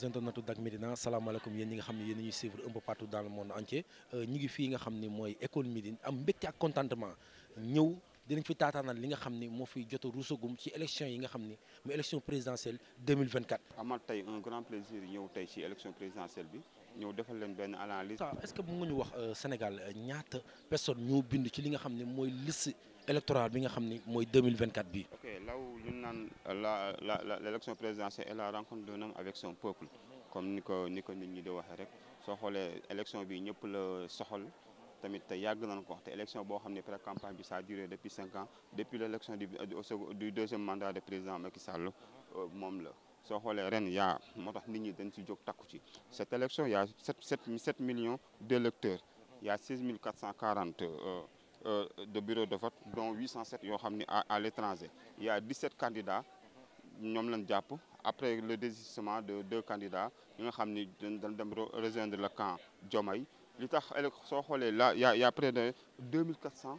chers internautes Dak Medina, salam yéen ñi nga xamni ne ñuy suivre un peu partout dans le monde entier euh, ñi ngi fi nga xamni moy mooy École Médine am mbégte ak contentement ñëw dinañ fi tataanal li nga xamni mo moo fi jot a ci élection yi nga xamni mu élection présidentielle 2024. amal tay un grand plaisir ñëw tay ci élection présidentielle bi ñëw defal leen benn analyse. est-ce que mën nga wax euh, Sénégal euh, ñaata personne ñoo bind ci li nga xam ne mooy liste électorale bi nga xam ne 2024 bi l'élection présidentielle est la rencontre d'un homme avec son peuple. comme ni ko ni ko nit ñi di waxee rek soo xoolee élection bi ñëpp la soxal tamit te yàgg nañ ko wax élection boo xam pré campagne bi ça a duré depuis cinq ans depuis l'élection du du deuxième mandat de président Macky Sall euh, moom la. soo xoolee ren yaa moo nit ñi dañ ci takku ci cette élection y' a sept sept millions d' Il y' a six mille quatre cent quarante euh, euh, de bureaux de vote dont 807 à l'étranger il y a 17 candidats Nous lañ après le désistement de deux candidats ils nga le camp li y a près de 2400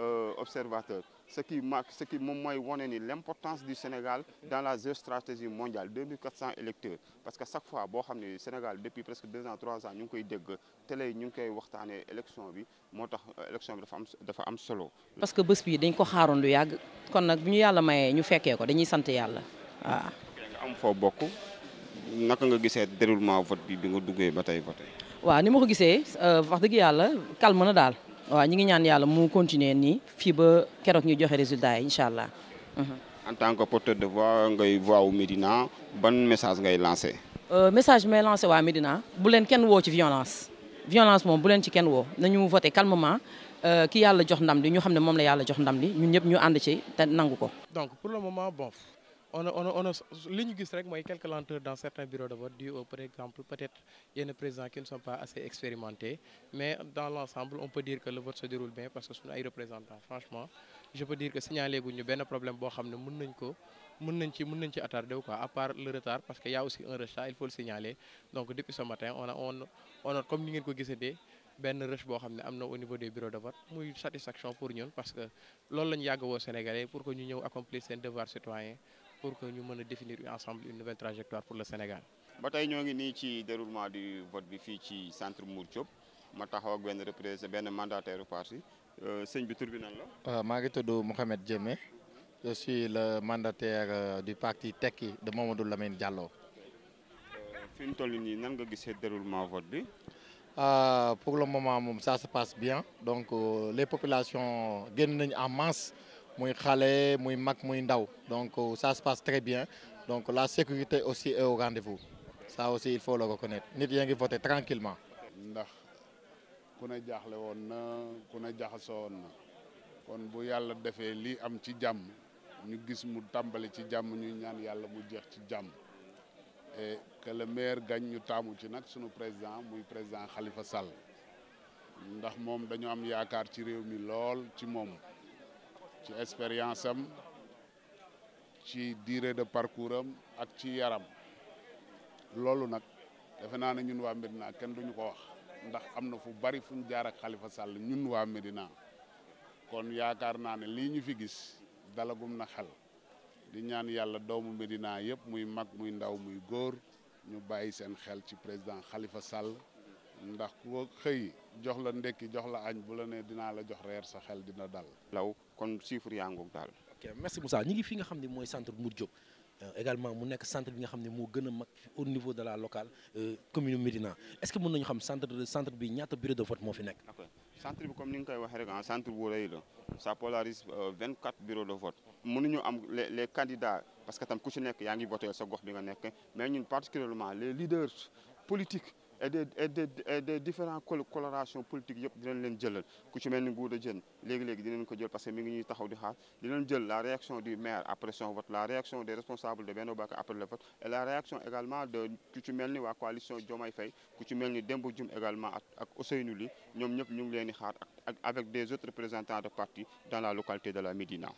euh, observateurs ce qui marque ce qui moom mooy wane ni l'importance du Sénégal dans la géostratégie mondiale 2400 électeurs parce que chaque fois boo xam ne Sénégal depuis presque deux ans trois ans ñu ngi koy dégg télé yi ñu ngi koy waxtaanee élection bi moo euh, élection bi dafa am dafa am solo. parce que bés bi dañ ko xaaroon lu yàgg kon nag bu ñu yàlla mayee ñu fekkee ko dañuy sant yàlla waaw. nga am foo bokk naka nga gisee déroulement vote bi bi nga duggee ba tey voté. waaw ni ma ko gisee euh, wax dëgg yàlla calme na daal. waaw ñi ngi ñaan yàlla mu continuer nii fii ba keroog ñu joxe résultat yi incha allah. Mhm. en tant que porteur de voix ngay voix wu Médina ban message ngay lancé. Euh, message bi may lancé waa Médina bu leen kenn woo ci violence. violence moom bu leen ci kenn woo na nañu vote calmement euh, ki yàlla jox ndam li ñu xam ne moom la yàlla jox ndam li ñun ñëpp ñu ànd ci te nangu ko. donc pour le moment on a on a on a quelques lenteurs dans certains bureaux de vote dû au par exemple peut-être y des présidents qui ne sont pas assez expérimentés mais dans l'ensemble on peut dire que le vote se déroule bien parce que ce sont des représentants franchement je peux dire que signaler guñu un problème un problème ne à part le retard parce qu'il y a aussi un retard il faut le signaler donc depuis ce matin on a on on comme nous ngeen rush au niveau des bureaux de vote une satisfaction pour nous, parce que que nous avons fait au Sénégalais pour que nous accomplissions accomplir devoir citoyen pour que ñu puissions définir ensemble une nouvelle trajectoire pour le Sénégal. ba tey ñoo ngi ci déroulement du vote bi fii ci centre Mour Diop ma taxaw ak benn représentant mandataire parti Euh, bi tur bi nan la. Euh, ngi je suis le mandataire euh, du parti Tekki de Mamadou Lamine Diallo. Euh, fi mu toll nii nan nga gisee déroulement vote bi. pour le moment ça se passe bien donc les populations génn nañ en masse muy xale muy mag muy ndaw donc euh, ça se passe très bien donc la sécurité aussi est au rendez-vous ça aussi il faut le reconnaître nit yaa ngi voté tranquillement ndax ku ne jaaxle woon na ku ne kon bu yàlla defee lii am ci jàmm ñu gis mu tàmbali ci jàmm ñu ñaan yàlla mu jeex ci jàmm et que le maire gagne ñu taamu ci nag sunu président muy président Khalifa Sall ndax mom dañu am yaakaar ci réew mi lool ci moom ci expérience am ci durée de parcours am ak ci yaram loolu nag defe naa ne ñun waa Médina kenn duñu ko wax ndax am na fu bari fu ñu jaar ak Khalifa Sall ñun waa Médina kon yaakaar naa ne lii ñu fi gis dalagum na xel di ñaan yàlla doomu Médina yëpp muy mag muy ndaw muy góor ñu bàyyi seen xel ci président xalifa Sall ndax ku xëy jox la ndekki jox la añ bu la ne dinaa la jox reer sa xel dina dal. law kon chiffre yaa ngoog daal. ok merci Moussa ñi ngi fi nga xam ne mooy centre Mour Diop euh, également mu nekk centre bi nga xam ne moo gën a mag au niveau de la locale euh, commune Medina est-ce que mën nañu xam centre centre bi ñaata bureau de vote moo fi nekk. centre bi comme ni nga koy waxee rek en ah, centre bu rëy la ça polarise 24 euh, bureau de vote mënuñu am les les candidats parce que tam ku ci nekk yaa ngi voté sa gox bi nga nekk mais ñun particulièrement les leaders politiques et des et colorations et des différents coloration politique yëpp dinañ leen jëlal ku ci mel ni Ngouda Diène léegi dinañ ko jël parce que mi ngi ñuy taxaw di xaar dinañ jël la réaction du maire après son vote la réaction des responsables de Beno Bokk après le vote et la réaction également de ku ci coalition de Faye ku ci mel ni également ak ak Ousseynou Ly ñu ngi xaar avec des autres représentants de parti dans la localité de la Médina